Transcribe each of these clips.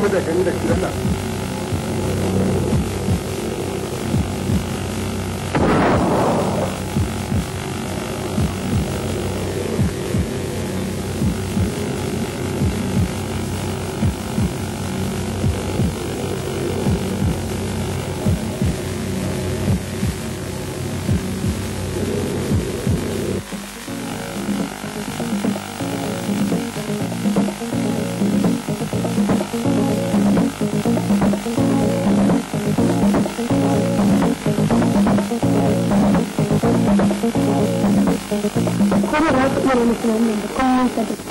game da gani da shi Allah saboda haka iya wani tunanin da kuma sa da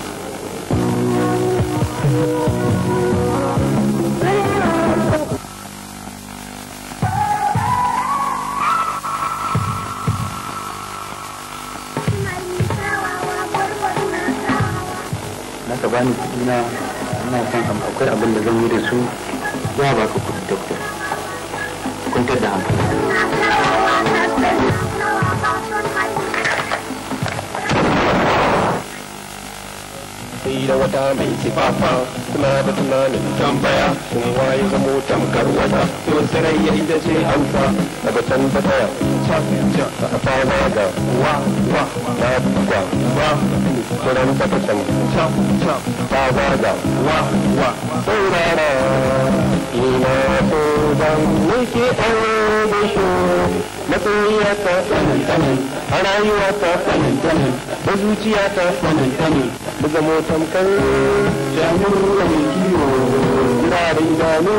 tarayya ita ce hausa daga can ta A ta fara da wa wa ta buga wa turan ta ta can ta da wa wa saurara ina so zan miki an gisho matsayiyata tsanantani a rayuwata tsanantani da zuciyata tsanantani da motan kan jami'in kiwo kare idanu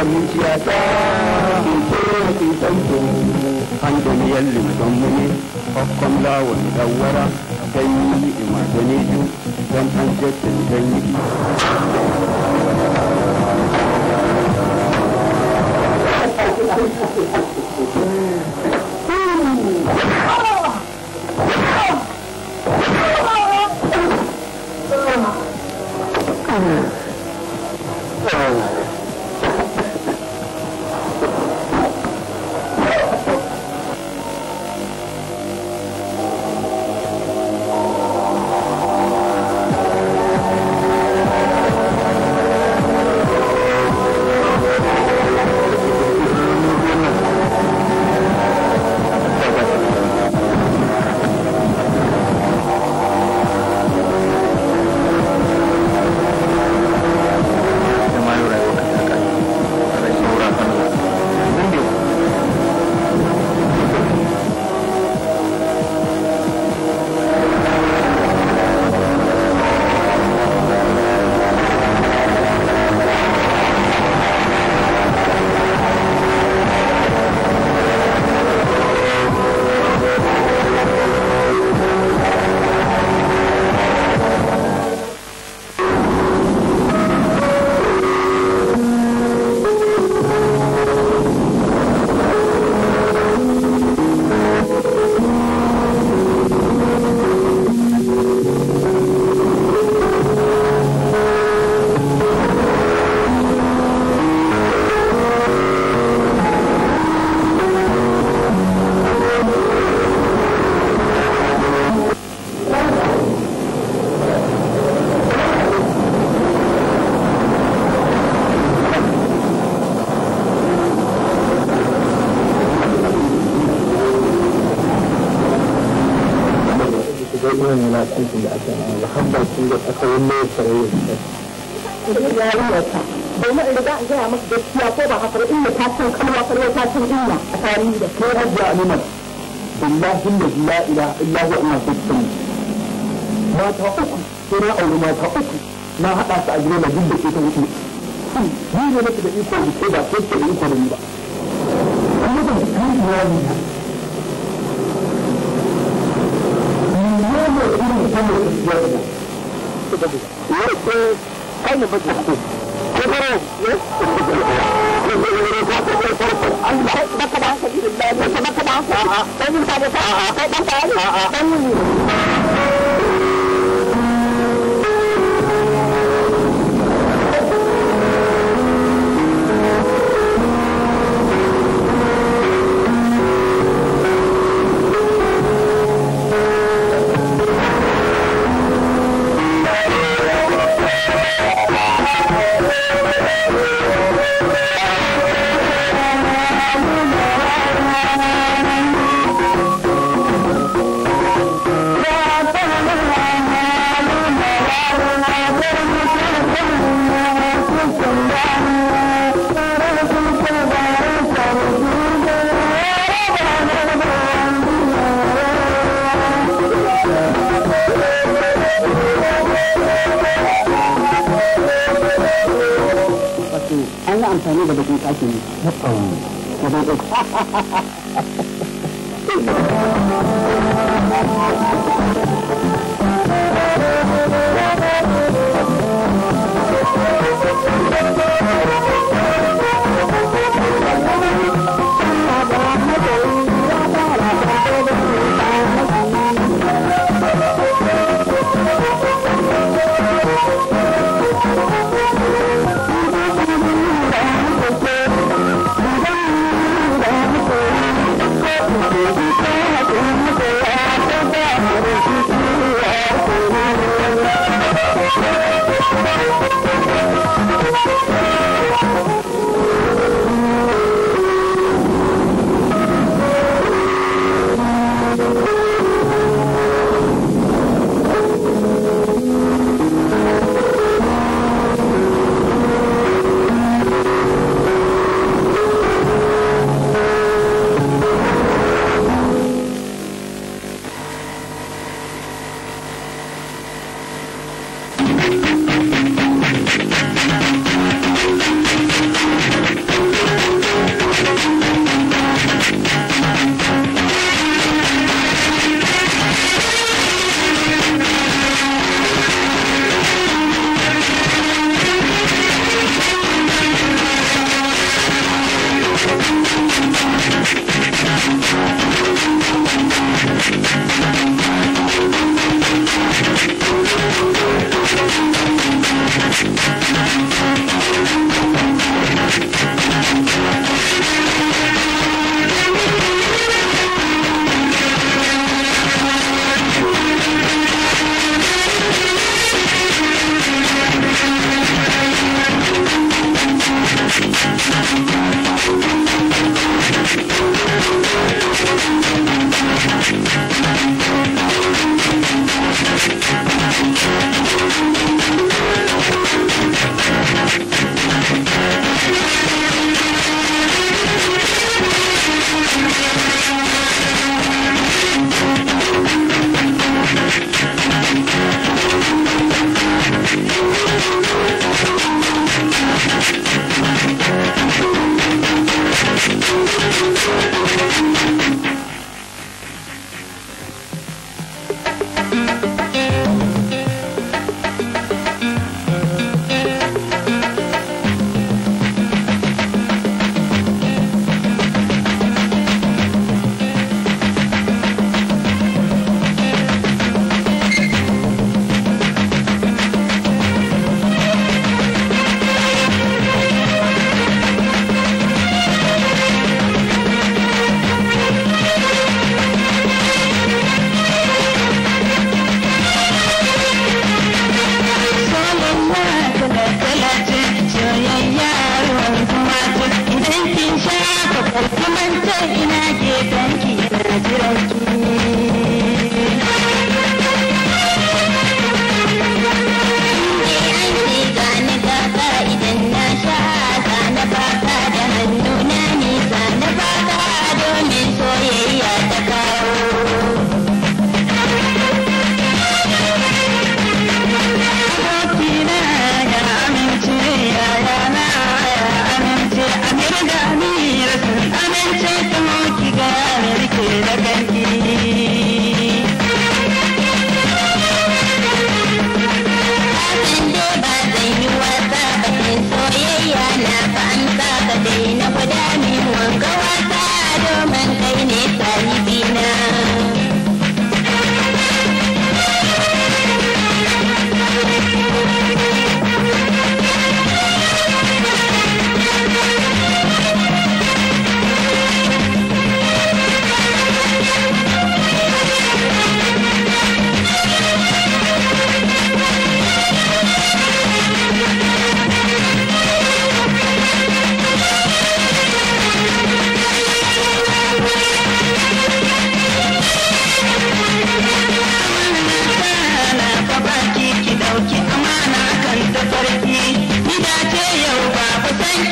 aminciya ta ke ke santo an duniyar limsan muni fakkon lawon dawara don yi imagane ju don an jaddin don yi Thank you.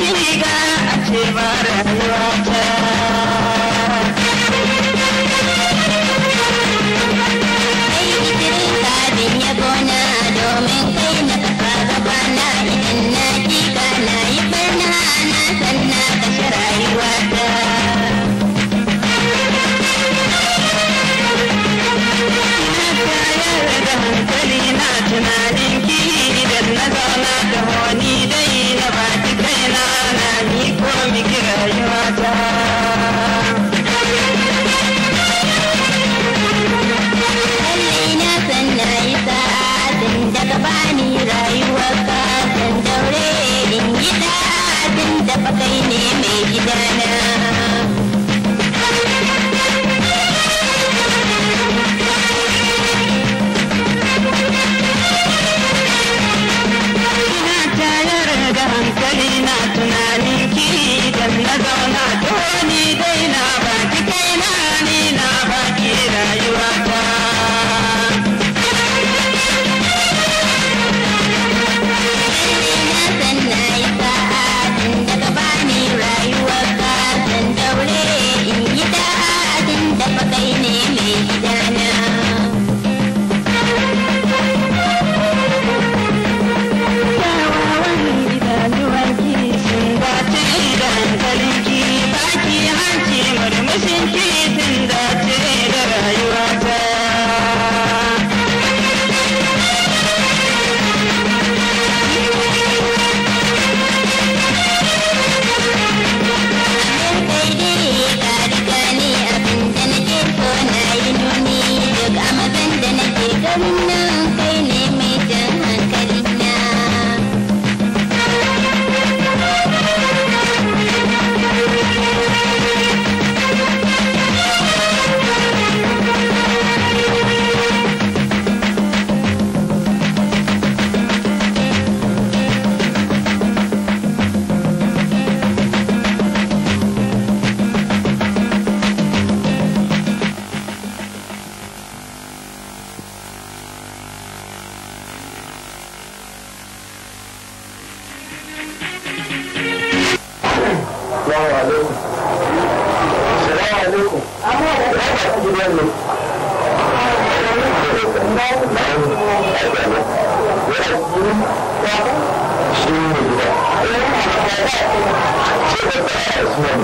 riga a ce ma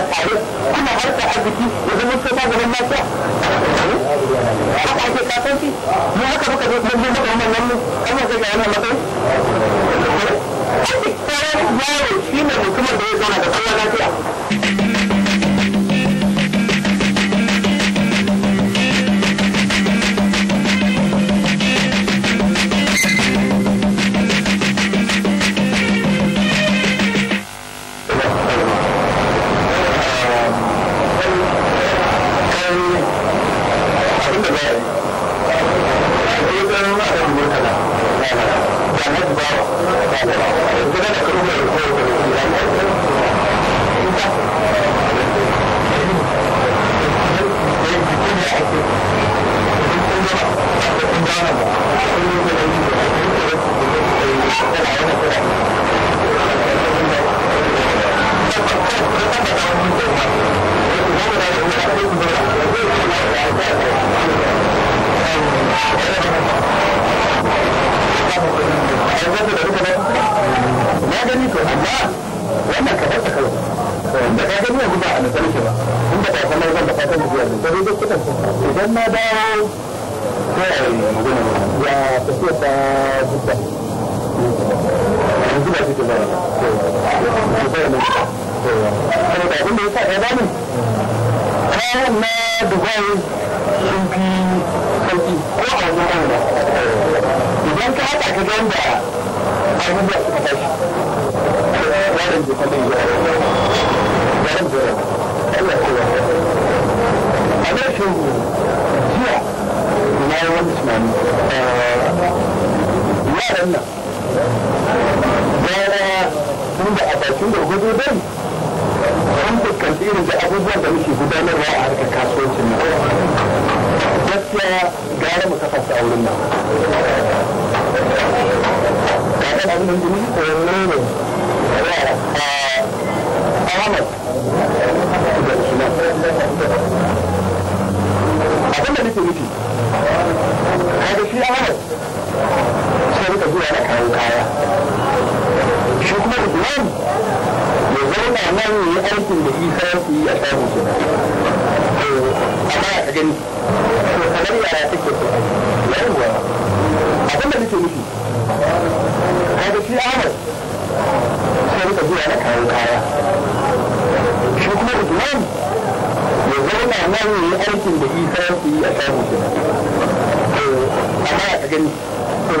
a tare kuna harkar arziki ya zama ko ba gaban lafiya haka ake kasanci mu haka muka zo kuma mu muka wannan mu amma sai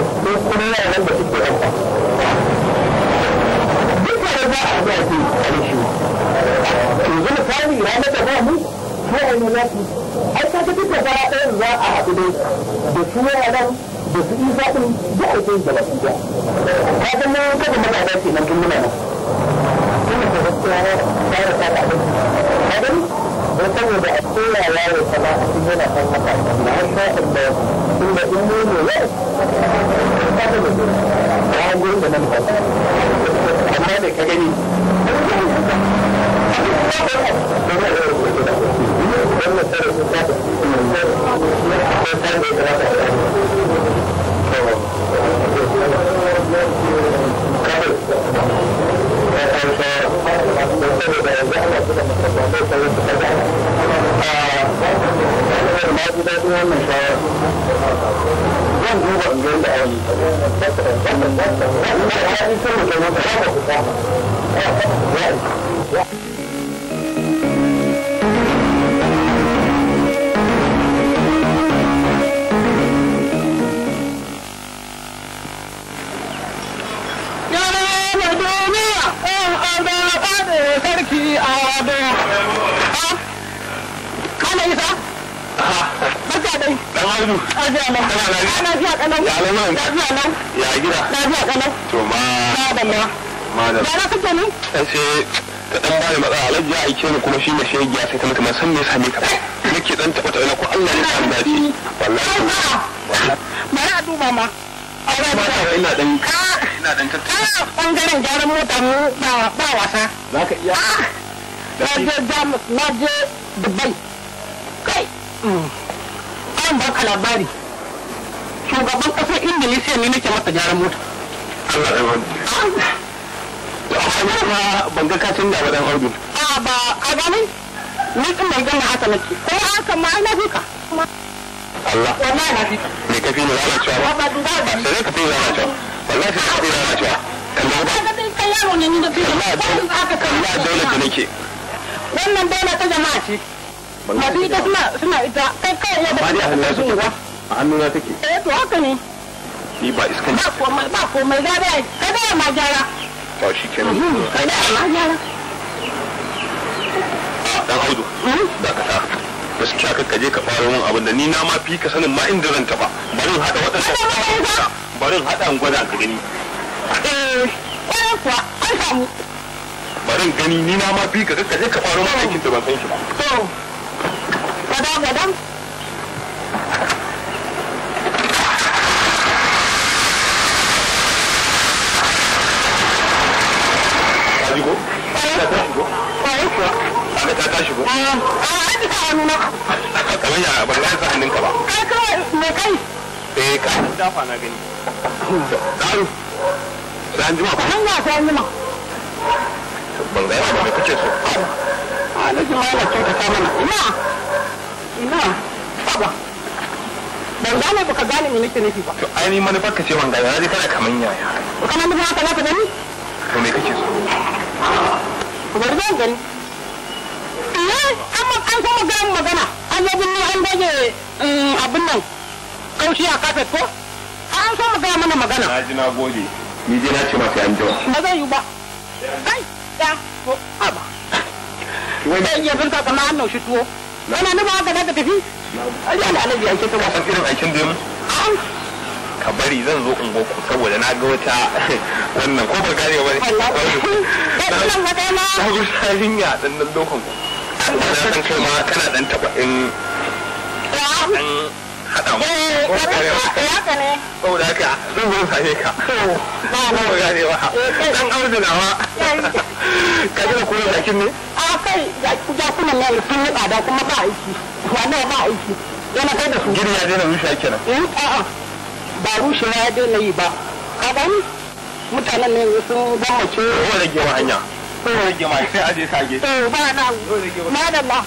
ko kuma yaran da suke yanka duk da za a zuwa ke karshe yanzu misali ranar da ba mu ko a yi za su ai ka ga duk da ba ɗayan za a haɗu dai da su yaran da su isa ɗin za a yi da baki da ka ga nan kada matasa ke nan tun muna nan tun da gaskiya ya fara fata abin ka gani don saboda a koya yaro yi ba a cikin yana kan haka da har sa'ar da inda in ne ne yau da nan ba amma da ka gani Thank you. Yeah. shi a dan ya nan ba bani matsala alhaji ya aike ni kuma shi ne shege ya sai ta mutum san me same ka nake dan taba tare ko Allah ya san dadi wallahi wallahi bari a duba ma a ina dan ina dan kanta a ah, bangaren gyaran mota mu ba ba wasa za ka iya ah, na je jamus na je dubai kai mm, an ba ka labari shugaban kasar indonesia ne nake mata gyaran mota Allah ya wani amma ah? ban ga kacin da wadan audu a ba a gani ni kin mai gana haka nake ko haka ma ina fika Allah wallahi na fika me kafi ne lalacewa ba ba ba sai ka fi wallahi ka kura na tuwa ta wannan dole ta jama'a ce masu ita suna suna ita kai kai ya da kuma su a hannuna take eh to haka ne ni ba iskan ba komai ba komai ga dai ka da ma gyara to shi kenan ka mhm, da ma gyara dan audu mhm. da ka ta gaskiya ka kaje ka fara min abin da ni na ma fi ka sanin ma inda zan taba bari hada waɗansa bari hada an gwada ka gani eh, bari gani ni na ma fi ka kaje ka fara min aikin da ban san shi ba to gadan gadan da ka tashi ko? Eh, a ji ka hannu na. Kamar ya ba ka sa hannunka ba. Kai kawai me kai? Eh, ka dafa na gani. Zaru. Ran jima ko? Ran ta jima. Ban ga yawa da kace so. A na jima yana kyauta ta mana. Ina. Ina. Baba. Ban gane baka gane me nake nufi ba. To ai ni manufar ka ce ban gane, na kana kaman yaya. Kana mun haka na ka gani? To me kake so? Bari zan gani. sannan an kuma ga magana an yi binne an goge abin nan kaushi a kafet ko an so ga mana magana na ji na gode ni je na ce ma sai an jima ba zan yi ba kai ya ko aba wai ya furta kamar an naushi tuwo kana nuna haka da tafi ai Allah alaji ake ta ka bari zan zo in goku saboda na ga wata wannan ko ba gane ba ne. Allah. Na ga san kai ma kana dan taba in dan hada mu ko kare haka ne ko da haka zan zo same ka ba ba gane ba dan arzinawa ka ji ko jakin ne a kai jakunan ne sun yi tsada kuma ba aiki wallahi ba aiki yana kai da su gidi ya daina rushe kenan a'a ba rushewa ya daina yi ba ka gani mutanen ne sun gwamnati ko rage hanya Sai rage ma sai aje sage. Eh, ba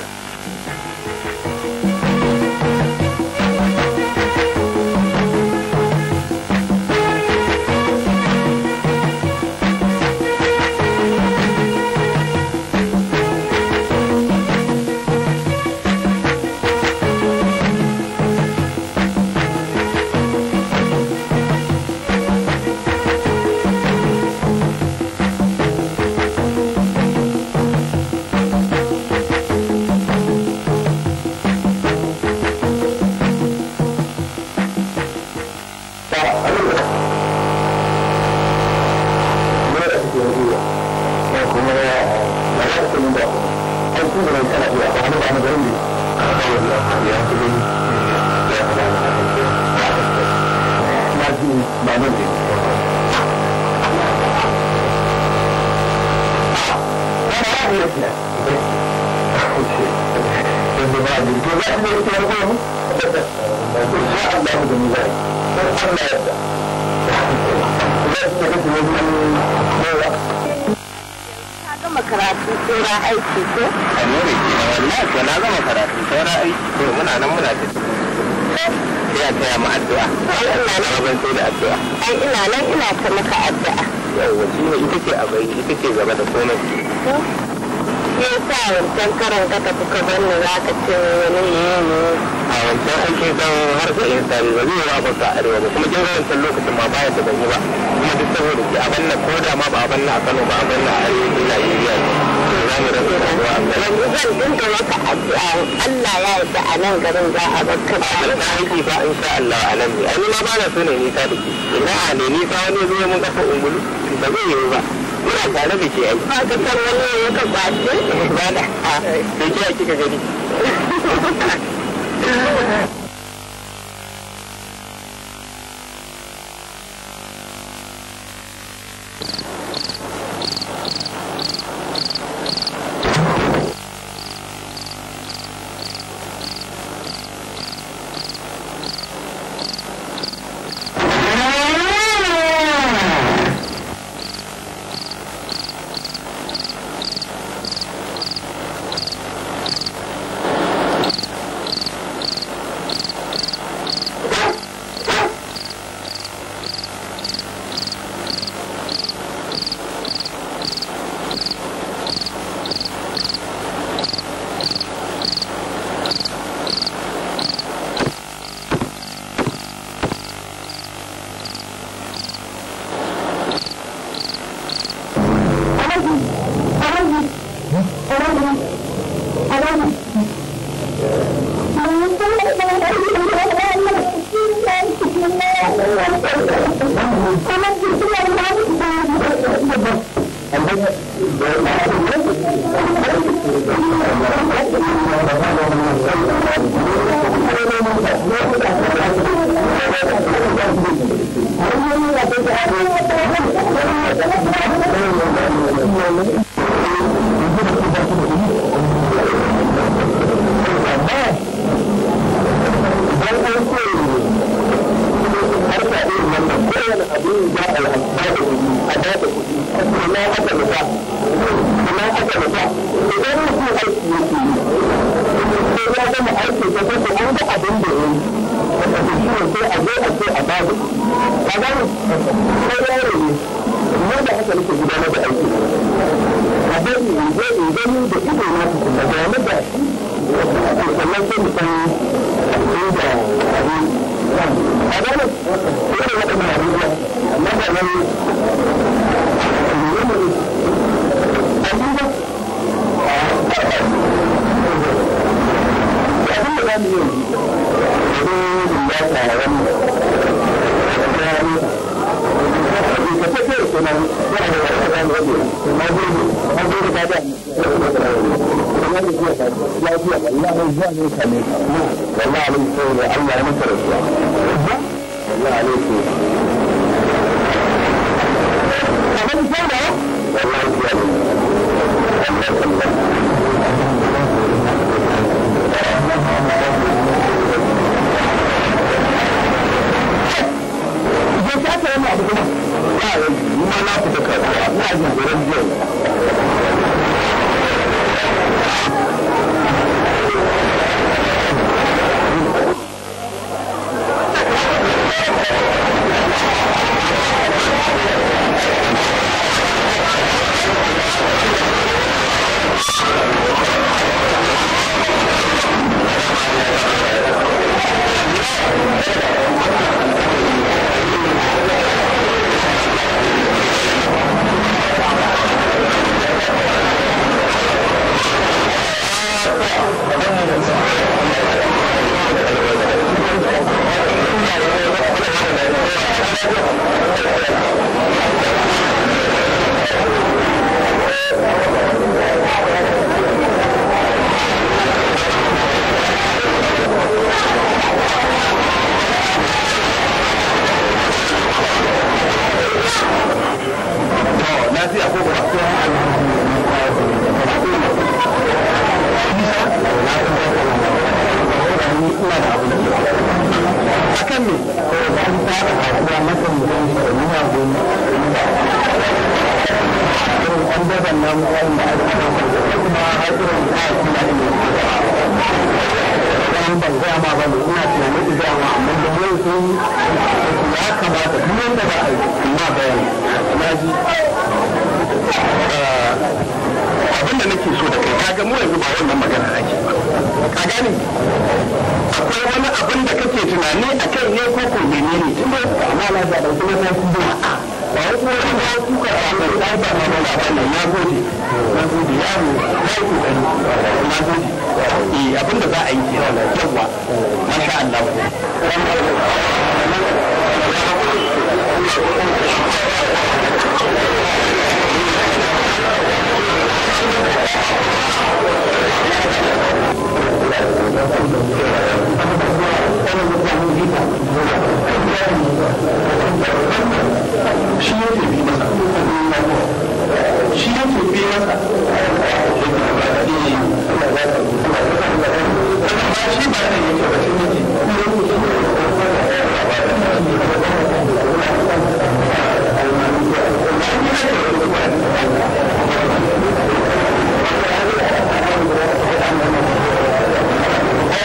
yanzu ba jirgi ba shi ne ya fiye ruwa mu da Allah mu zai sai Allah ya da da fiye da da yawa da karatu sauran aiki ko? a nore ke na wallahi ko na gama karatu sauran aiki ko muna nan muna ta ya taya mu addu'a ai ina nan ban sai da addu'a ai ina nan ina ta maka addu'a yawa shi ne ita ce abai ita ce gaba da komai shi sa wancan karon ka tafi ka banna za ka ce wani a wancan ake dan har da yin tsari ba zai ba ba arewa ba kuma kin wancan lokacin ma baya da ban yi ba kuma duk saboda ki a banna ko da ma ba a banna a Kano ba a banna a arewacin Najeriya ne za mu rasa kawo a kan yanzu zan dinga maka addu'a Allah ya yarda a nan garin za a bar ba. ba da aiki ba insha Allah a nan ne ai ma ba na so ne nisa da dake ina ne nisa fa wani zo mun kafa ungulu ba zai yi ba muna tare da ke ai ba ka san wani ya ka kwace eh, ba da a da ke kika gani ba wannan magana ake ba ka gane akwai wani abin da kake tunani a kai ne ko ko menene tun da ka amana da da kuma ta ku ba a ba wai ko an ba ku ka ba da ba ma ba ba ne na gode na gode yaro kai ku dan na gode eh abin da za a yi ke yawa masha Allah Thank you. shi yake bi masa shi yake bi masa shi ba ne yake ba shi yake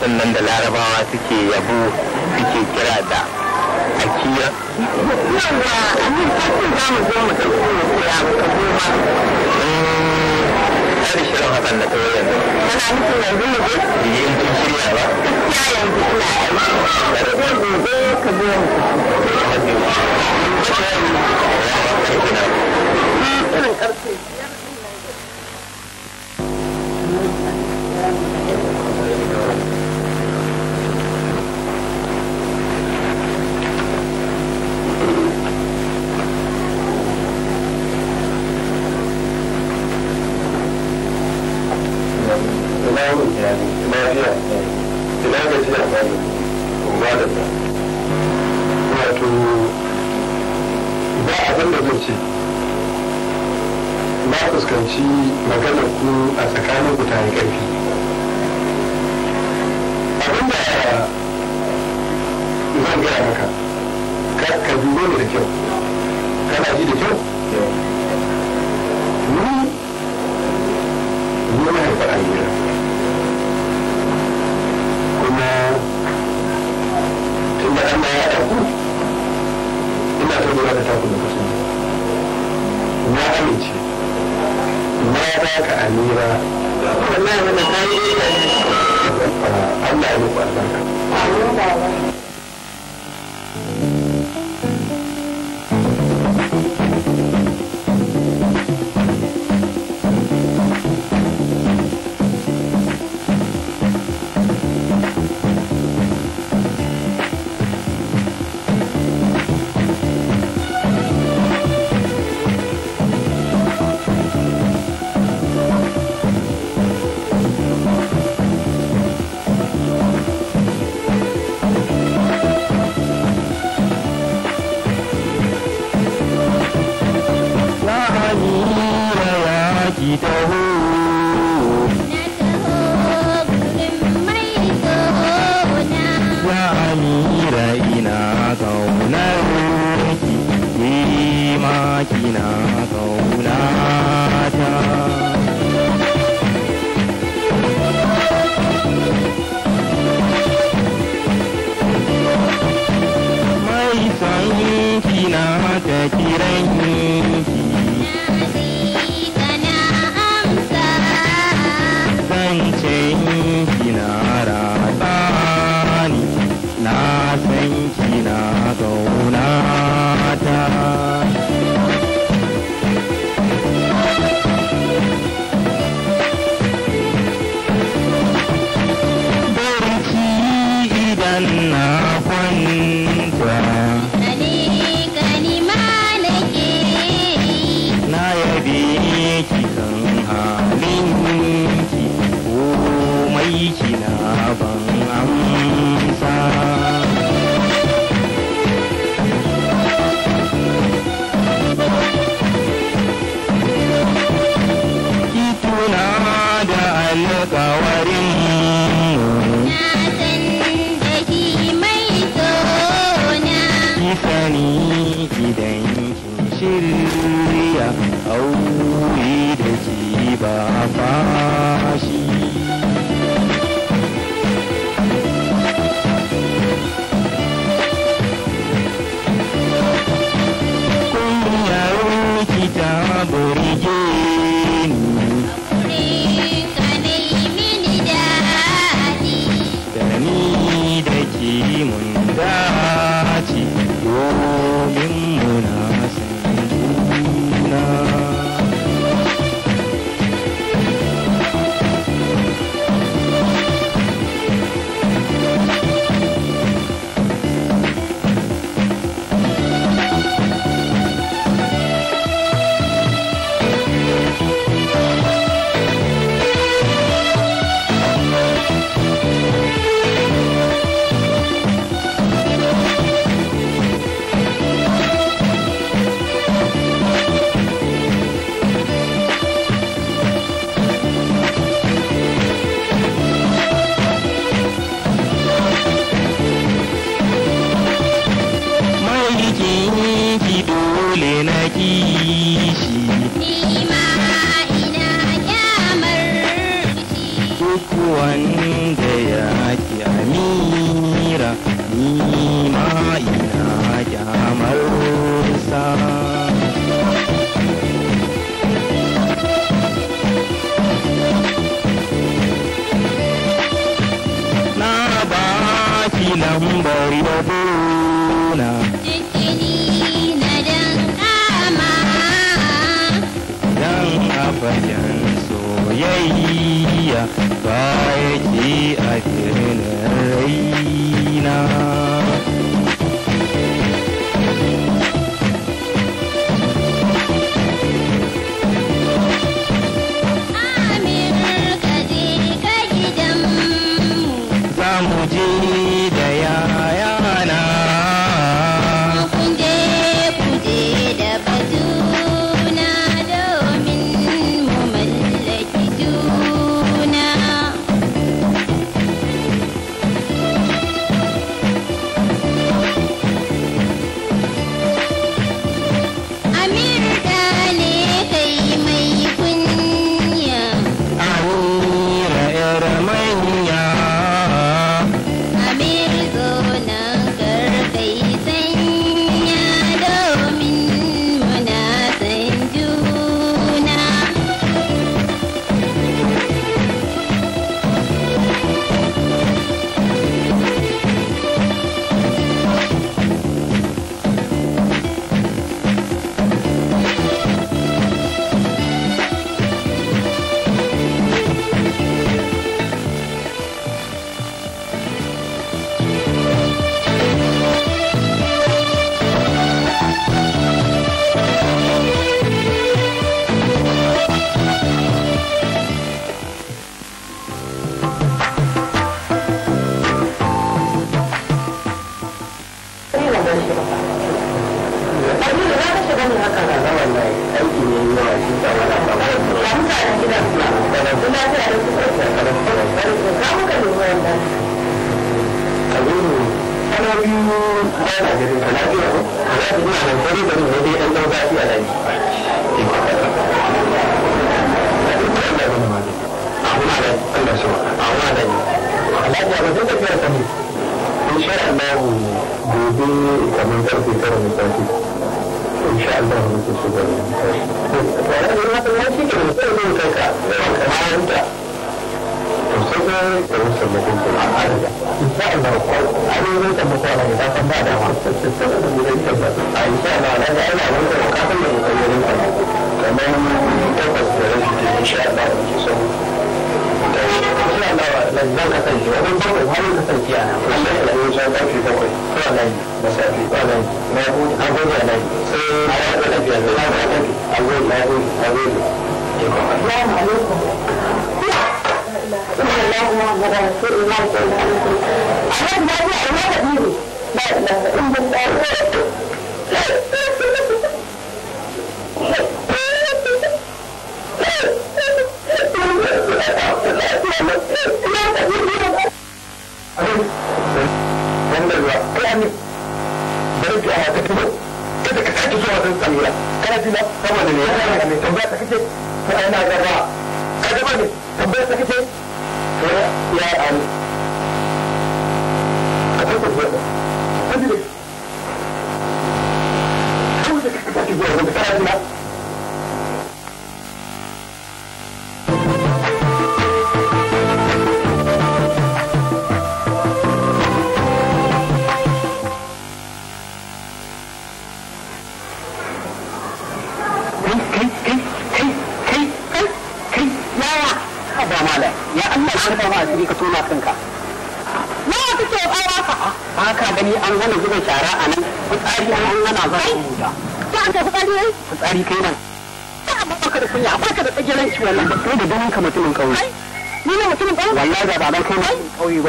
din nan da larabawa suke yabo suke kira da akiya za mu eh, yanzu ina yi ina fiya ina gajiya ba ne kuma da ta wato ba abin da zan ce ba fuskanci maganar ku a tsakanin ku ta yi ƙarfi abin da zan gaya maka ka dubo da kyau kana ji da kyau ni ni mahaifar amira tun da Allah ya taku ina ta lura da taku da kasu na amince na ba ka amira wallahi wannan ta yi ah, Allah ya muku albarka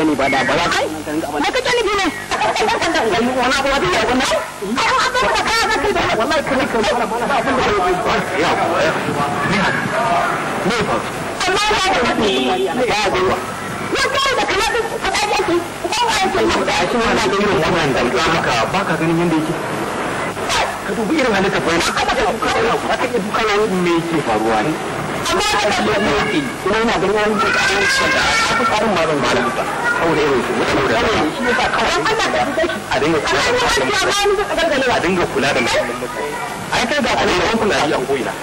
bane ba da ba kai na ka bi ne wala ko wadi ya wannan ai an abba da ka ga kai wallahi kai kai ba na abin da ya ne ba amma ba da kai ya ga ya ga da kana da fadaje ki ka ba ya ce ba shi wannan da irin wannan da ka ka ba ka ganin yanda yake ka dubi irin ka ba ne ka ka ka ka na me yake faruwa ne amma ka ga ina ganin wani da ka ka da ka fi tsarin ma ba saboda irin su wata saboda ne shi yasa kawai a dinga kula da mutane a dinga kula da mutane ai kai ga kula da kula da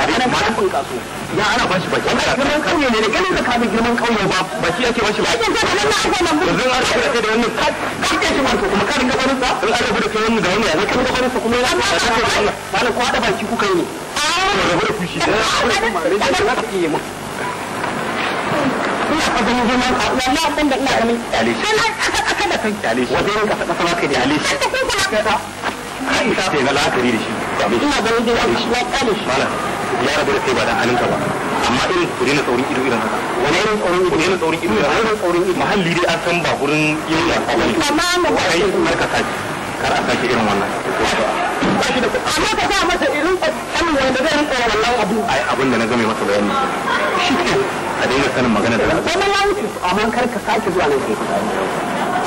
a dinga malakun kaso ya ana ba shi baki ana girman kauye ne da ganin da ka girman kauye ba baki ake ba shi ba yanzu an shiga kai da wannan ka ke shi wato kuma ka dinga barin sa in ana gudu kai wannan ga wannan ya kai da barin sa kuma ya ta ce wannan malam ko hada baki kukan ne a rabu da kushi da kuma da ka mu fa ganin girman ka wallahi san da ina ganin dali kada kai dali wajen ka saka sama kai dali Aisha ce na la'akari da shi ina ganin girman shi na kare shi malam ya rabu da kai ba dan alinka ba amma irin ku daina tsaurin ido irin haka wani irin tsaurin ido daina tsaurin ido irin irin tsaurin ido mahalli dai an san ba gurin yin ya ba amma mu ba kai marka saki kar a saki irin wannan amma ka sa masa irin tsamin wanda zai rinka wannan abu ai abin da na game masa bayani shi a daina sanin magana da lafiya wannan ya wuce amma kar ka sake zuwa nan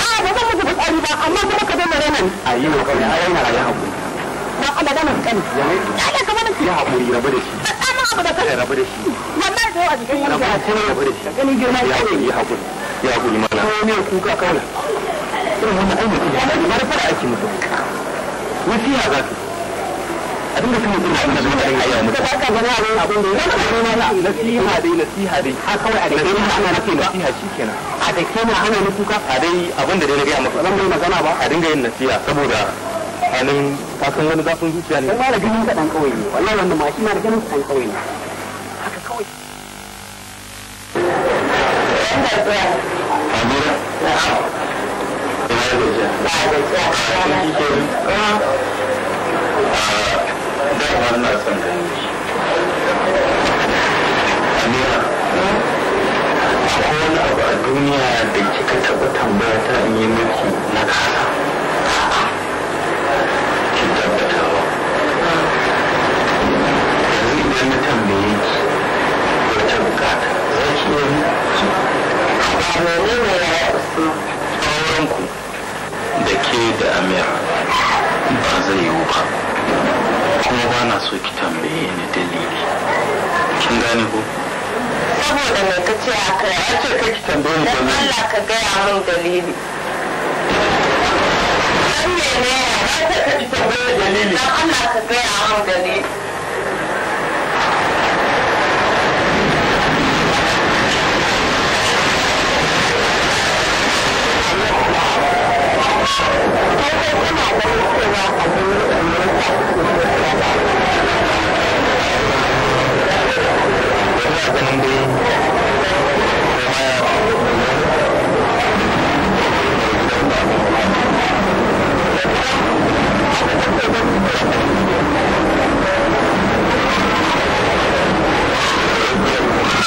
a ba zan mutu fitsari ba amma kuma ka zama nan a yi wa kawai a yana ya haƙuri ba Allah da mutum ya ne ya kamar ya haƙuri rabu da shi amma abu da kai rabu da shi wannan da a jikin wani ya ce rabu da shi gani girma ya haƙuri ya haƙuri ya haƙuri mana ko ne kuka kawai irin wannan aiki ne ba da fara aiki mutum wasiya za abinda kuma kuma abinda kuma a ya yi da baka gana ne abin kuma ya yi nasiha dai nasiha dai a kawai a da kenan ana nufi nasiha shikenan a da kenan ana nufi ka a dai abin dai na gaya maka zan bai magana ba a dinga yin nasiha saboda halin kasan wani zafin zuciya ne kuma da ganin kaɗan kawai ne wallahi wanda ma shi ma da ganin ka kawai ne haka kawai Thank you. wannan son gani Amira wani abu a duniya da kika taɓa tambaya ta in na kasa tabbatawa ki wata ki yi aurenku da ke da amira ba zai yiwu ba kuma ba na so ki tambaye ni dalili kin gane ko saboda me ka ce haka ya ce ka ki tambaye ni dalili Allah ka gaya min dalili dan me ne ya ce ka ki tambaye ni dalili dan Allah ka gaya min dalili Thank you. ganin dai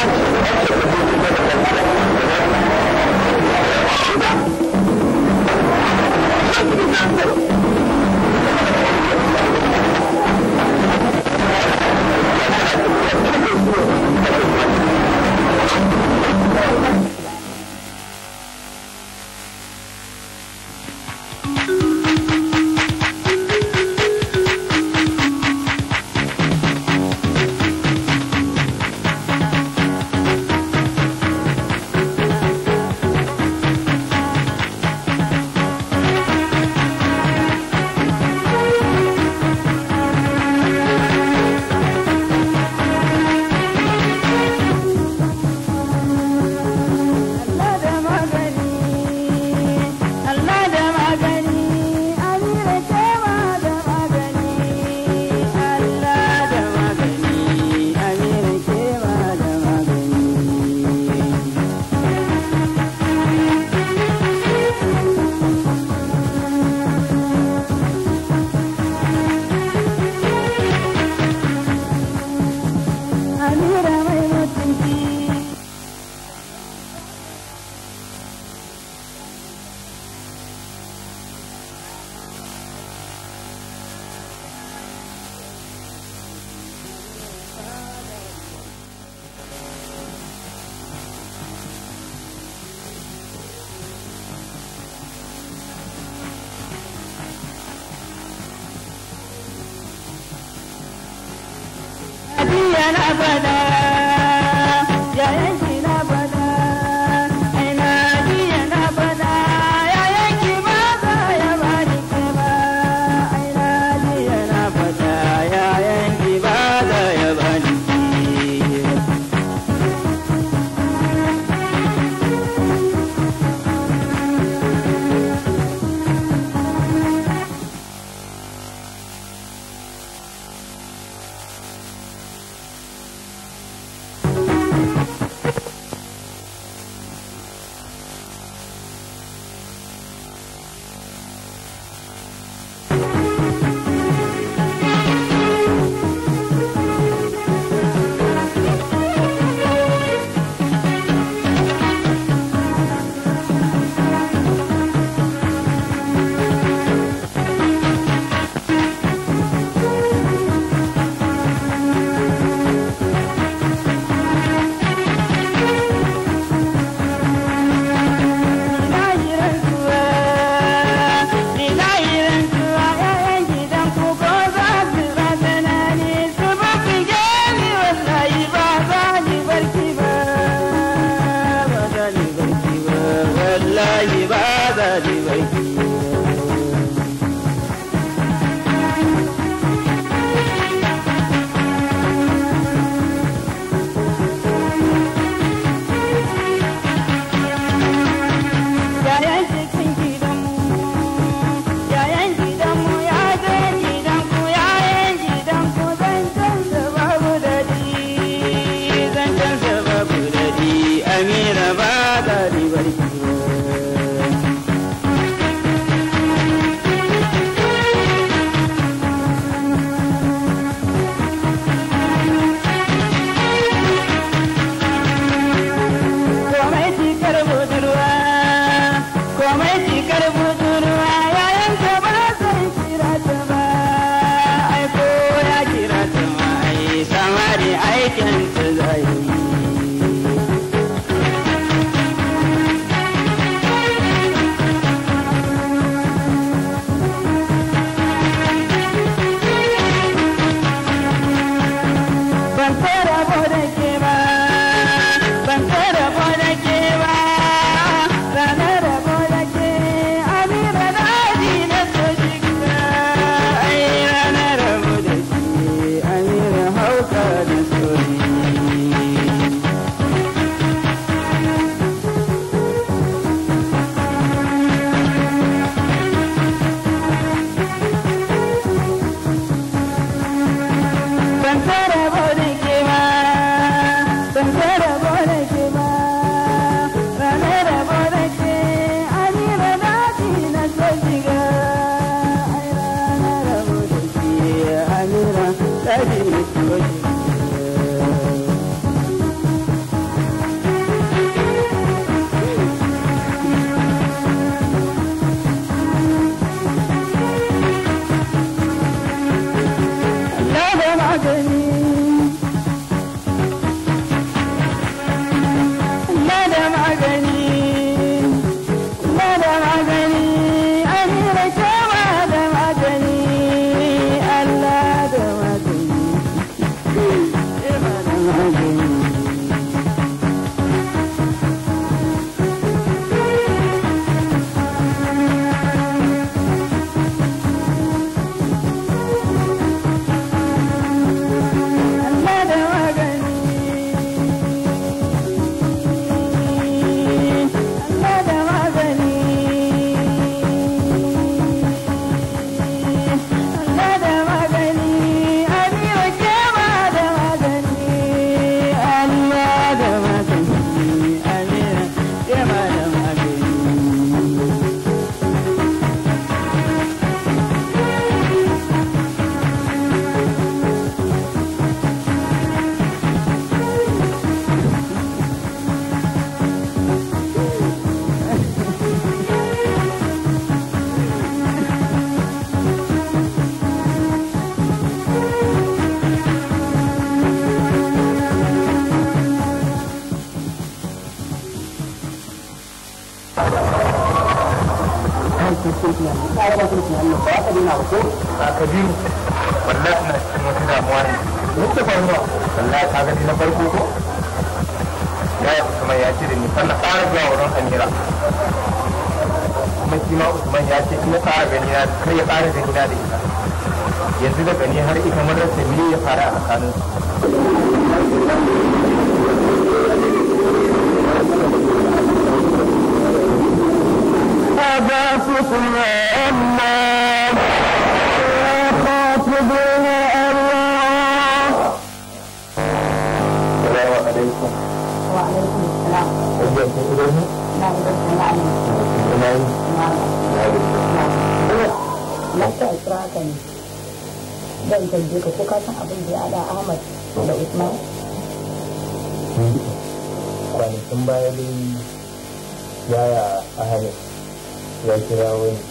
Thank you.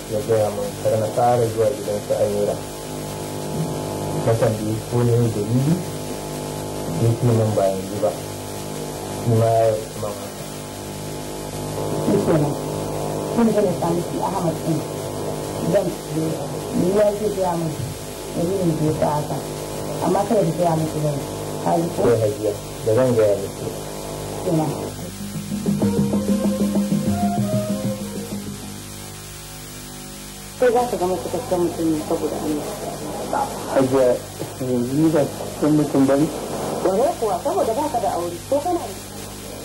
ya gaya mun har na fara zuwa gidan su amira kasan da ko ne dalili ya ke min ba yanzu ba shi ma ya yi kuma mata. ta amma kada da gaya hajiya da zan gaya kai za ka zama cikakken mutum saboda Allah hajiya yanzu ni ba mutum ba ne kuwa saboda ba ka da aure ko kana da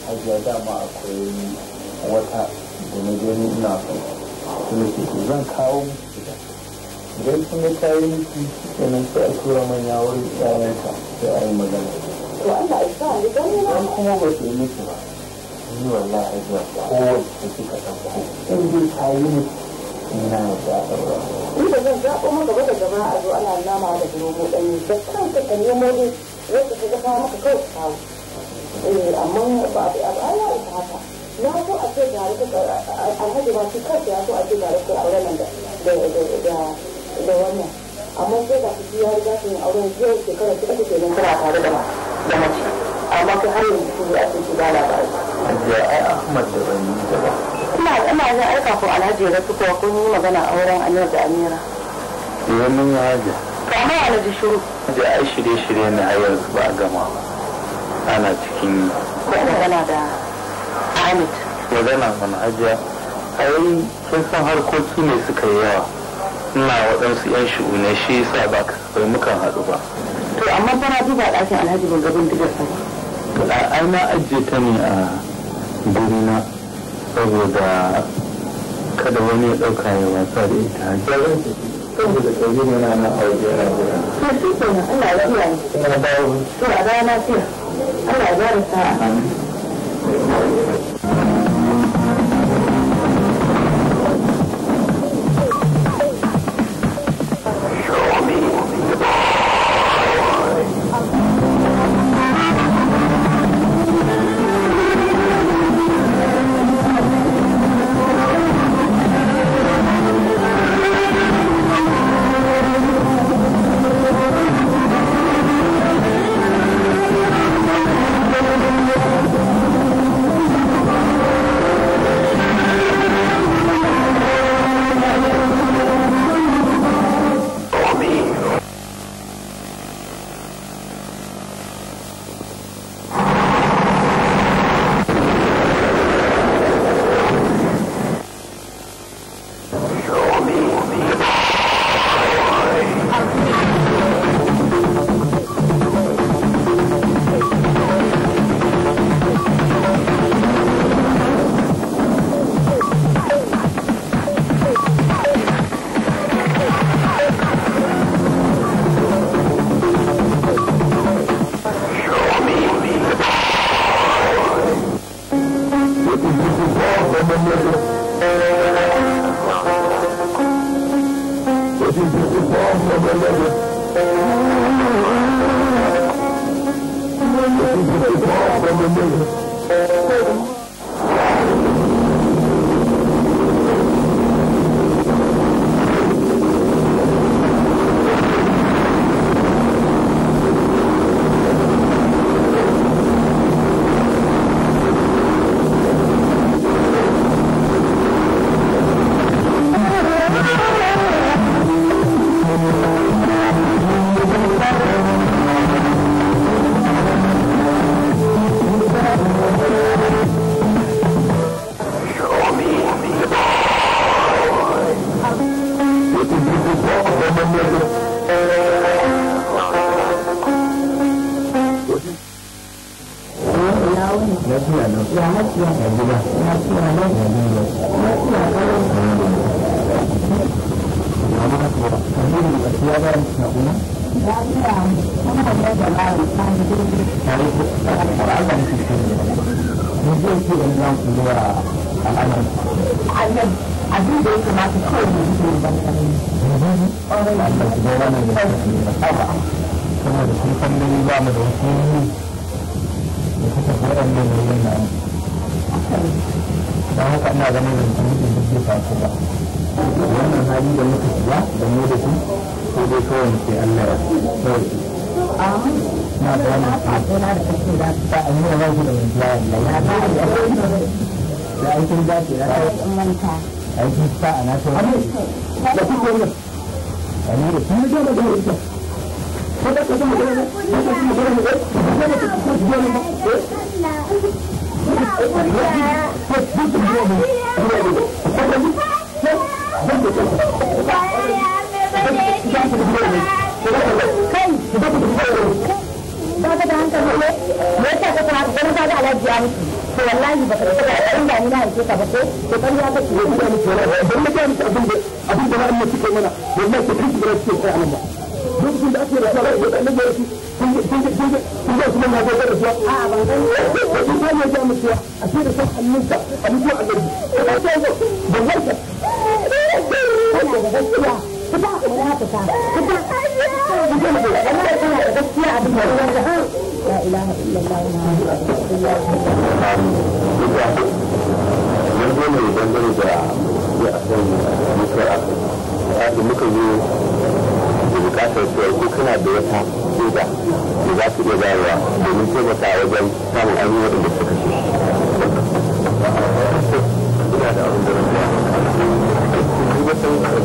hajiya dama akwai wata da na gani ina son kuma ke zan kawo musu ita idan sun ga kayan miki kenan sai a tura manya wurin iyayenka sai a yi magana to gani na kuma ba su yi miki ba ni wallahi hajiya kowace suka san ko in dai kayi miki na zaɓarwa ni da zan zaɓo maka ba da gaba a zo ana nama da romo ɗanyi da kanka ka nemo dai wanda ka gaba maka kawai kawo eh, amma ba a baya ta haka na so a ce da harkar alhaji ba su kansa ya so a ce da harkar auren nan da da wannan amma sai da kuɗi ya riga su yin auren yau shekara ta uku kenan tana tare da da mace amma sai har yanzu su ne a cikin ba Ajiya ai Ahmad da ban yi da ba. ina ina ga aika ko alhaji ya rasu ko ni magana a auren Amir da Amira eh mun yi haji kamar alhaji shiru ji ai shirye shirye ne har yanzu ba a gama ba ana cikin ko magana da Hamid magana mana hajiya ai kin san harkoki ne suka yi yawa ina waɗansu 'yan shi'une shi yasa ba kasafai mukan haɗu ba to amma fara duba ɗakin alhaji ban gabin digar sa ba ai na ajiye ta ne a gurina saboda kada wani ya ɗauka ya wasa da ita saboda sauyi na Allah ya Ina dawo. a dawo Allah ya sa'a.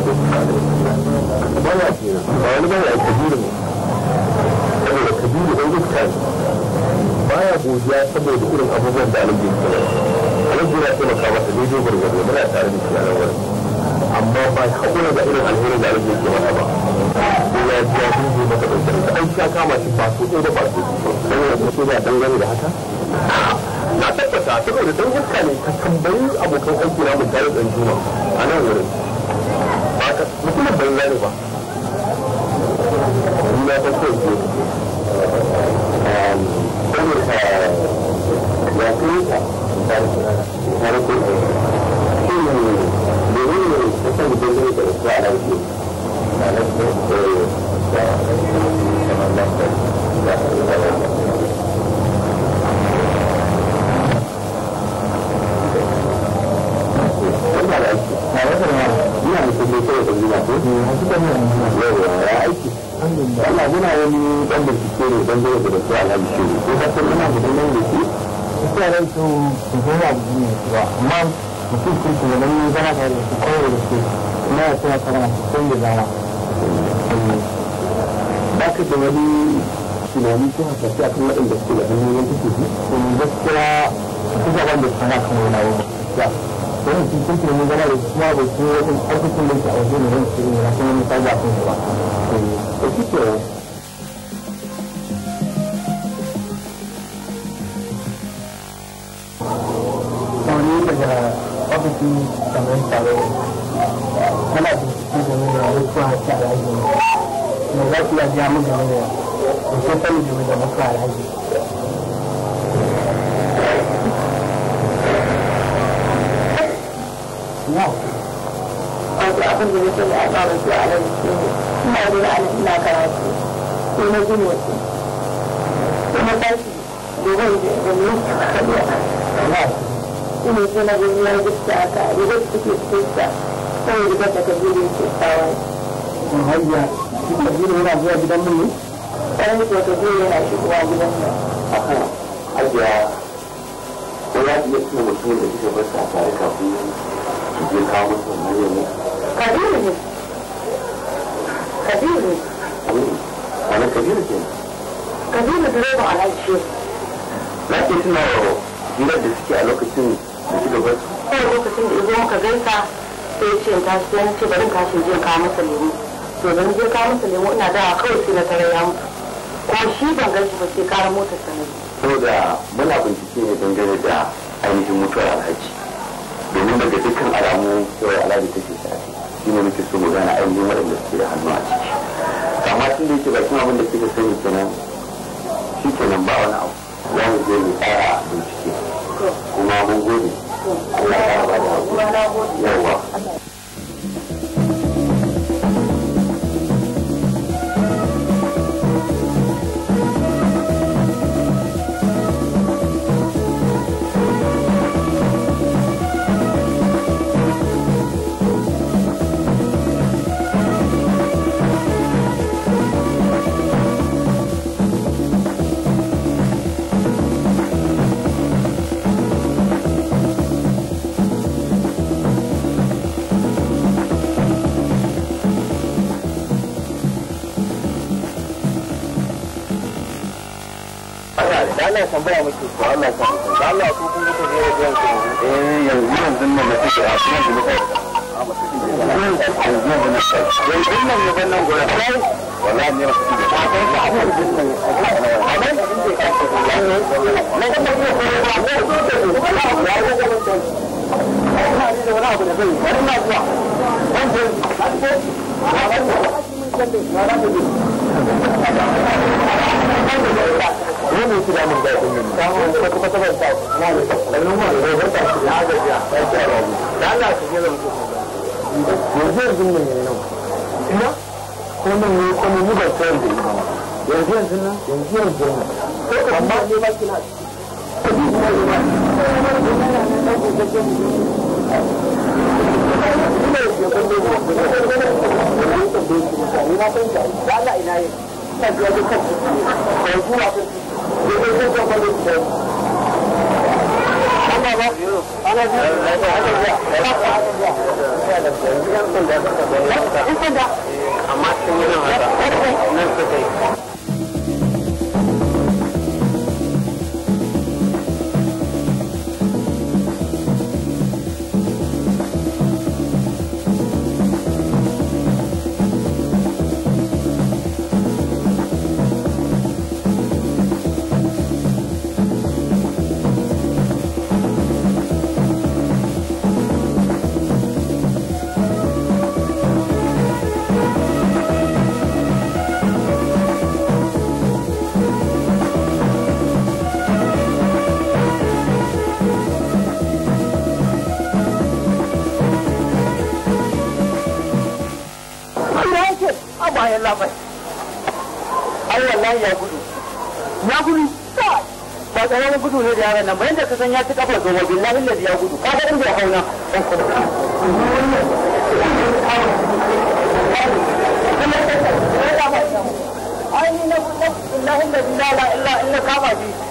bawa kenan ba wani kabiru ne baya godiya saboda irin abubuwan da alaji ke yi alaji na taimaka masa daidai gwargwado muna tare da shi a amma ba haƙura da irin alheri da alaji ke masa ba ya biya dubu mata ɗaukar da an sha kama shi ba su ɗaya da ba su ɗaya da ba su dangane da haka na tabbata saboda dan iska ne ka tambayi abokan aiki na mu tare juma a nan wurin kuma ban zane ba ni na ta um, ke ta ya kai ta tare ne ne da zai da su ina da aiki na ina da kuma sai da gina ko ne a cikin nan ina da ya aiki Allah muna wani dan da kike ne dan da da su alhaji ne ko da kuma ina da dan da shi ina da su su gona da gina ba amma mutum kun kuma nan ne zama da su kowa da su ina da kuma kana sun da zama ba ka da wani tunani ko hasashe akan waɗanda suke da hannu yanzu ko gaskiya su gaban da su hana kan wani abu wani cikin kuma mun gana da kuma da su wajen ƙarfafin da ke a wajen da su ne na kuma misali a kan ba. Da shi ke daga ofishin kamar taro kana bincike game da wasu haske alhaji ne. Me za ku iya biya mu game da wasu sani game da wasu alhaji. abin da yake ya tsara su a nan su ina da na ina karatu sai na gina su sai na tashi gobe da gani ina ce na gani na gista aka riga su ke gista sai riga ta ka gina su tsawa hayya kika gina yana zuwa gidan mu ne ɗan ko ta gina yana shigowa gidan mu haka hajiya ko ya iya mutum da kika bar sa tare kafin su je kawo mutum ne ne kabiru ne kabiru wani kabiru ke kabiru a lafiya na ke suna hirar da suke a lokacin da kika bar su kawai lokacin da izo muka gaisa sai ce in tashi sai ce bari tashi je ka lemu to da je ka lemu ina da kawai sai na tare ya mutu ban gaishe ba sai motar muna bincike ne dangane da ainihin mutuwar alhaji domin daga dukkan alamu yau alhaji take shafi shi ne muke so mu gane ainihin waɗanda suke da hannu a ciki amma tun da yake bakin abin da kika sani kenan shi kenan ba wani abu za mu je mu tsara bincike kuma mun gode Allah ya ba da yawa da Allah tambaya muke ko Allah ka mutum da Allah ko kun kuka jira jiran ku eh yanzu yanzu nan da kuke a cikin da muka yanzu nan ne ban nan gurin cikin da da da da na cikin wani yake da ne ne amma cikin nan suka yi wallahi ya gudu ya gudu ba tsananin gudu ne da yaran nan ba yadda ka san ya ci kafar zuwa billahi da ya gudu ka ga inda ya hauna ai ni na gudu billahi da la ilaha illa kama shi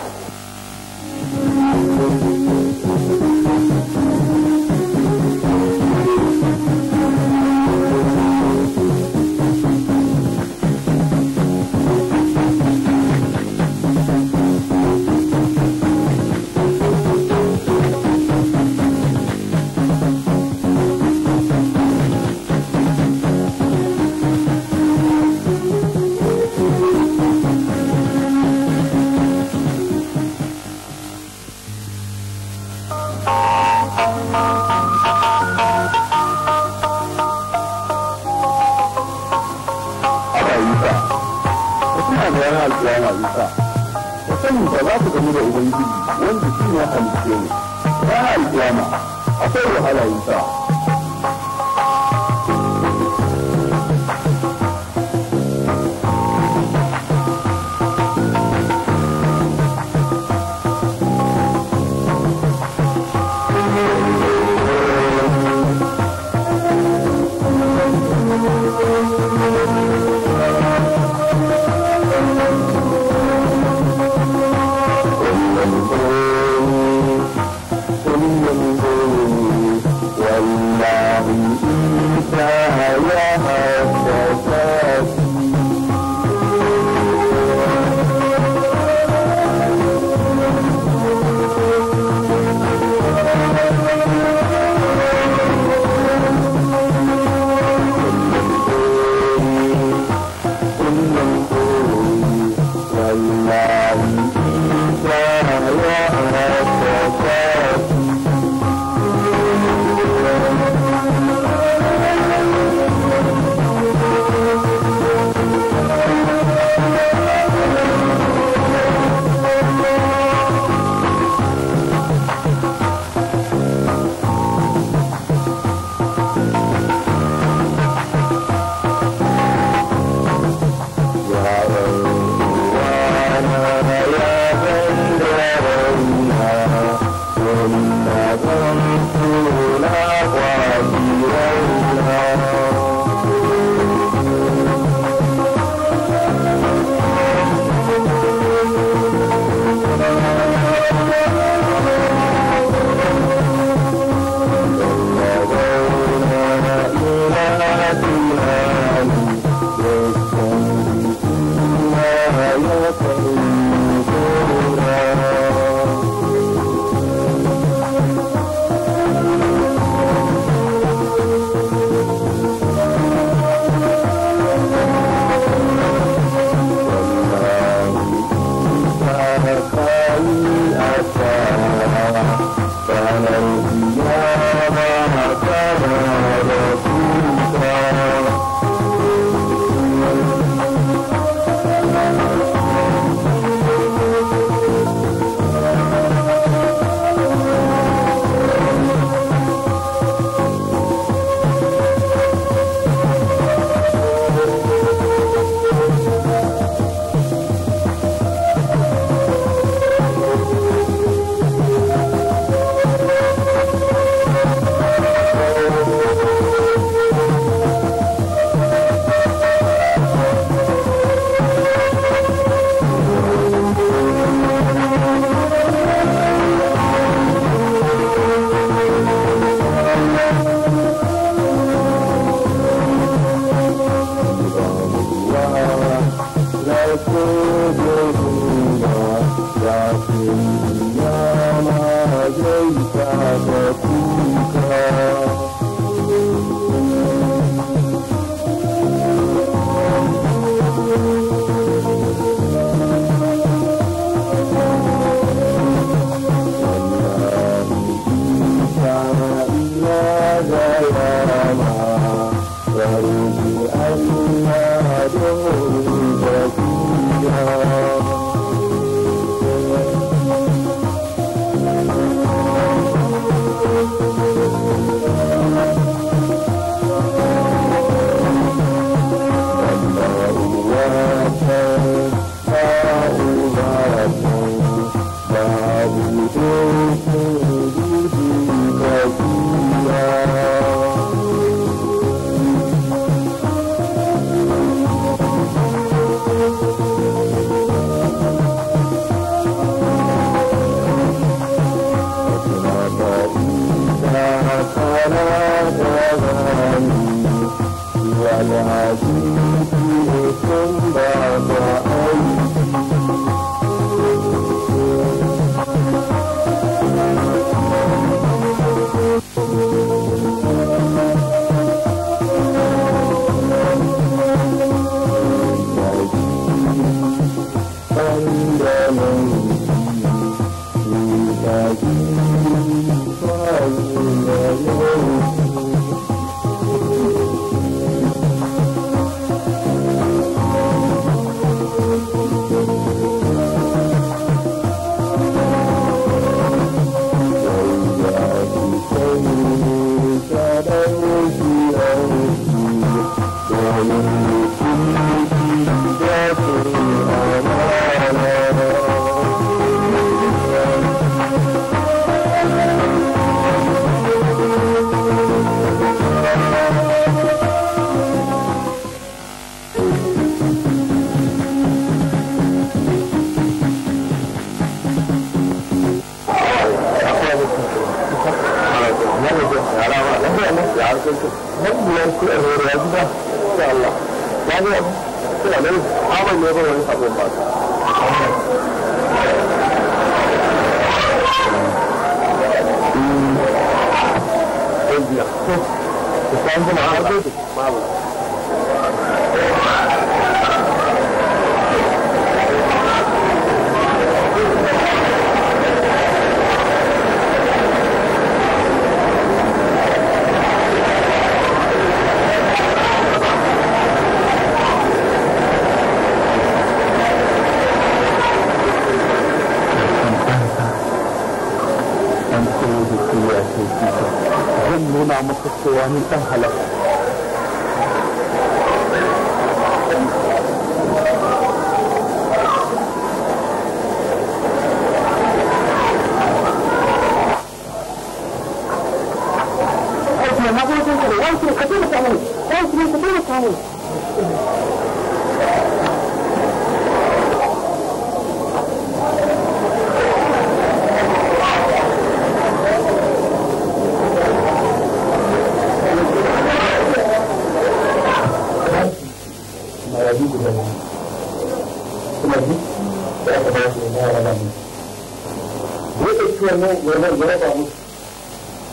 ya raba musu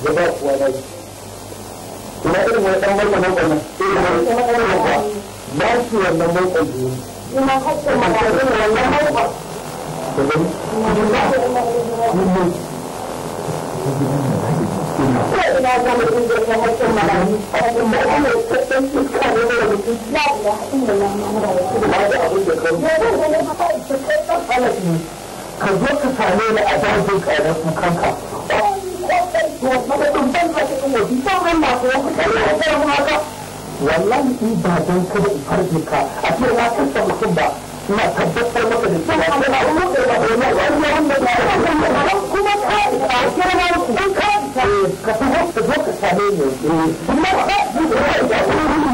ya ba kuwa na shi kuma irin wani ɗan mulkan mulkan nan irin wani ɗan mulkan ba ba su wannan mulkan da yi kuma haƙƙin magana wannan mulkan da gani ina ga mutum da ya haƙƙin magana a cikin da ana kaɗan fuska ne da mutum ya ila haƙƙin da ya mamara da su da ba da abin da kan ya zai zai haka da kaɗan alaƙi ka zo ka same ni a dajin ƙarar wallahi in ba don kada in farge ka a ce na kasa mutum ba tabbatar maka da cewa ba da ba ba ka a kuma ka ji da wani da wani da wani da wani da wani da wani da wani da wani da wani da wani da wani da wani da wani da wani da wani da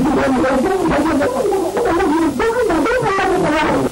wani da wani da da wani da da wani da da wani da wani da wani da wani da wani da wani da wani da wani da wani da wani da wani da wani da wani da wani da wani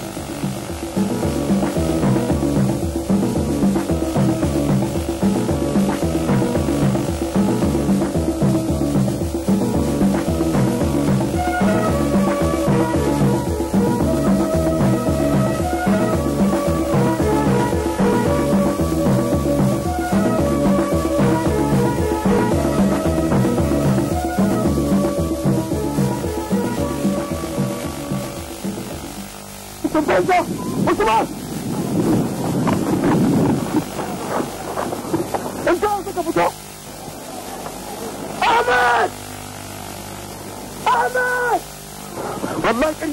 aikin banza usman in ta suka fito ahmad ahmad wallahi kai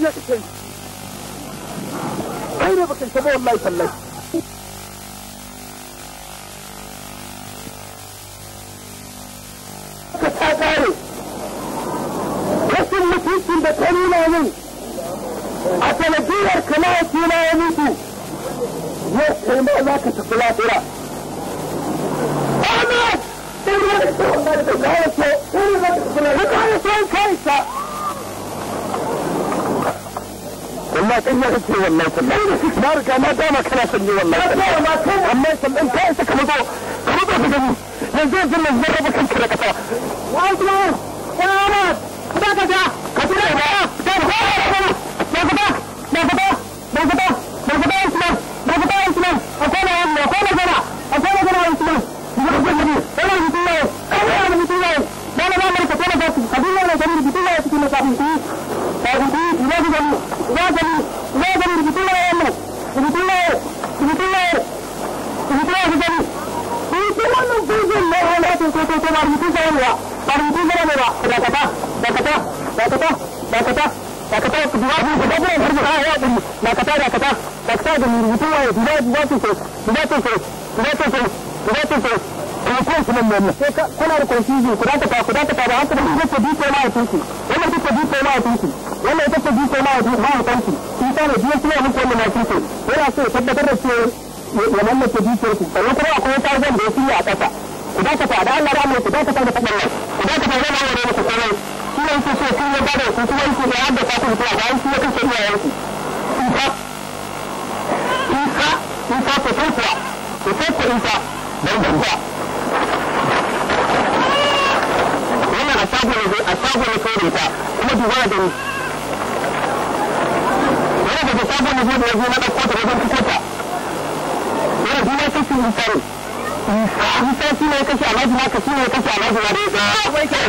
ne baka shaba wallahi wallahi kullum na riga na dama kana son ni wallahi amma sannan ka isa ka mazo ka mazo ka gani yanzu yanzu kanka da kasa kuna da confusion ku zata ka ba haka da ku ce yana so tabbatar da cewa ya mallake diko ku sannan kuma akwai wata da yake a kasa ku zata ka da Allah da Allah ku zata ka da fadar ku ne kake a bashi naka shi ne kake a bashi da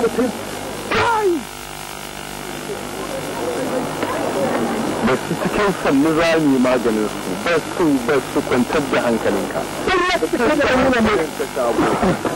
ya da su cikin sannu za maganin su, ba su ba su kwantar da hankalinka. Ina da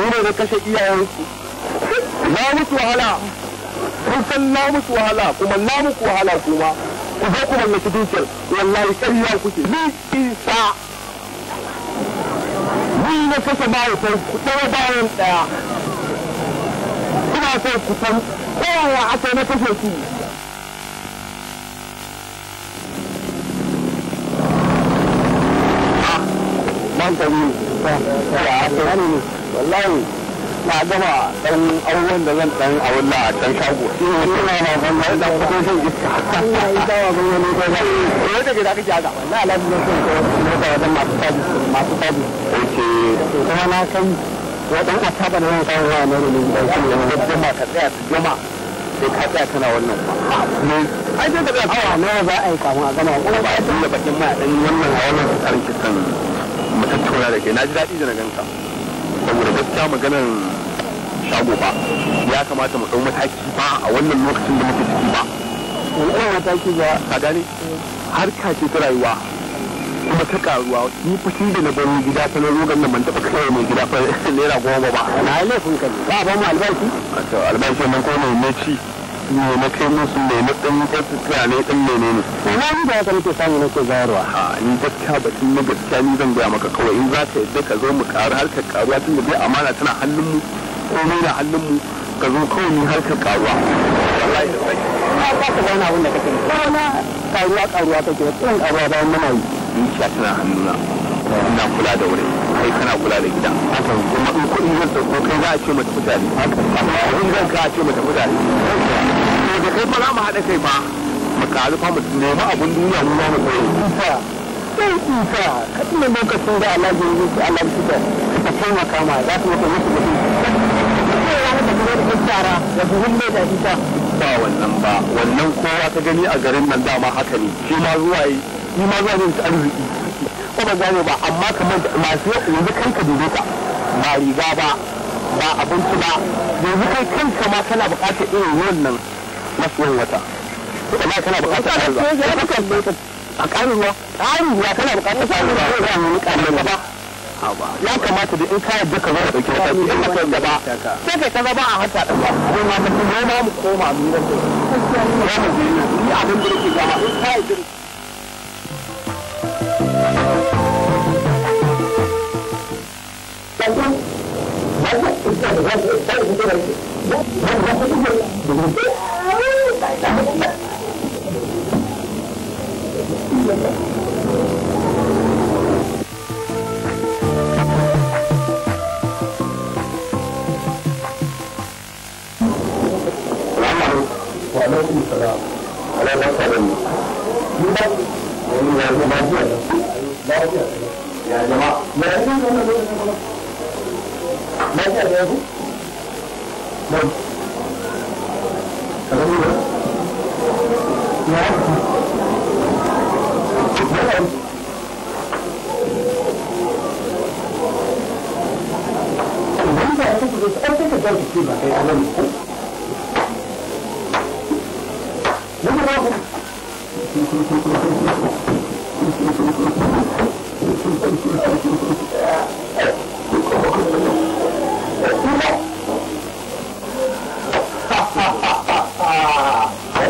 ni da na kashe iyayensu na musu wahala kun san na musu wahala kuma na muku wahala kuma ku zo ku mallaki dukiyar wallahi ƙarya kuke ni isa ni na kashe mahaifar ku ɗaya bayan ɗaya kuna son ku san kowa aka na kashe su Thank you. wallahi na gama ɗan abubuwan da zan ɗan a walla a can shago shi ne na ma ban mai dan shan iska Allah ta dawa ban wani ko ba eh da gida kake haka wallahi Allah ya san ko ne da wadan masu tabi masu tabi okay kuma na san wadan asaba ne ta kan wani ne ne da shi ne da ta ka tsaya su jama'a sai ka tsaya kana wannan ne ai da ta nawa za a yi kamun a gama kuma ba da bakin ma dan wannan a wannan tsarin kisan mutattura da ke na ji daɗi da na ganka saboda gaskiya maganar shago ba ya kamata mu ɗau mataki ba a wannan lokacin da muke ciki ba wani mataki ga ka gane harka ce ta rayuwa kuma ta karuwa ni shi da na bari gida ta nan rogan nan ban taɓa kasar mai gida fa naira goma ba na yi laifin kan ba ba mu albashi albashi nan ko mai ci ne na kai musu ne na ɗan tsatsa ne ɗan mene ne. Sai na ni da haka nake samu nake bayarwa. Ha ni gaskiya tun na gaskiya ni zan gaya maka kawai in za ka yadda ka zo mu karu har ka karuwa tun da dai amana tana hannun mu komai na hannun mu ka zo kawai ni har ka karuwa. Wallahi da sai. Na ba ka gane abin da kake. Ko na karuwa karuwa kake, tun karuwa bayan muna yi. Ni sha tana hannuna. ina kula da wuri kai kana kula da gida kuma in kuɗi zan ɗauko kai za a ce mata mutane amma in zan ka a ce mata mutane to da kai fa za mu haɗa kai ba mu karu fa mu nemi abin duniya mu za mu koyi sai kusa ka tuna lokacin da Allah ya yi su Allah ya yi ka taimaka ma za su mutu musu mutum ba wannan ba wannan kowa ta gani a garin nan dama haka ne shi ma zuwa yi ma zuwa yin arziki ko ba gane ba amma kamar masu yanzu kanka dole ka ba riga ba ba abinci ba yanzu kai kanka ma kana buƙatar irin wannan masoyin wata kuma kana buƙatar ruwa a ƙarin ruwa ƙarin ruwa kana buƙatar ƙarin ruwa ya wani ƙarin ba ya kamata da in ka yadda ka zama ɗauki wata in ka yadda ba sai kai ka zama a hata ɗan ba ko ma mutum ne ma mu koma mu yi da kai ya mu ni abin da nake gama in ka yadda sannan ba da za ya zama lafiya yanzu don ba ya haka Because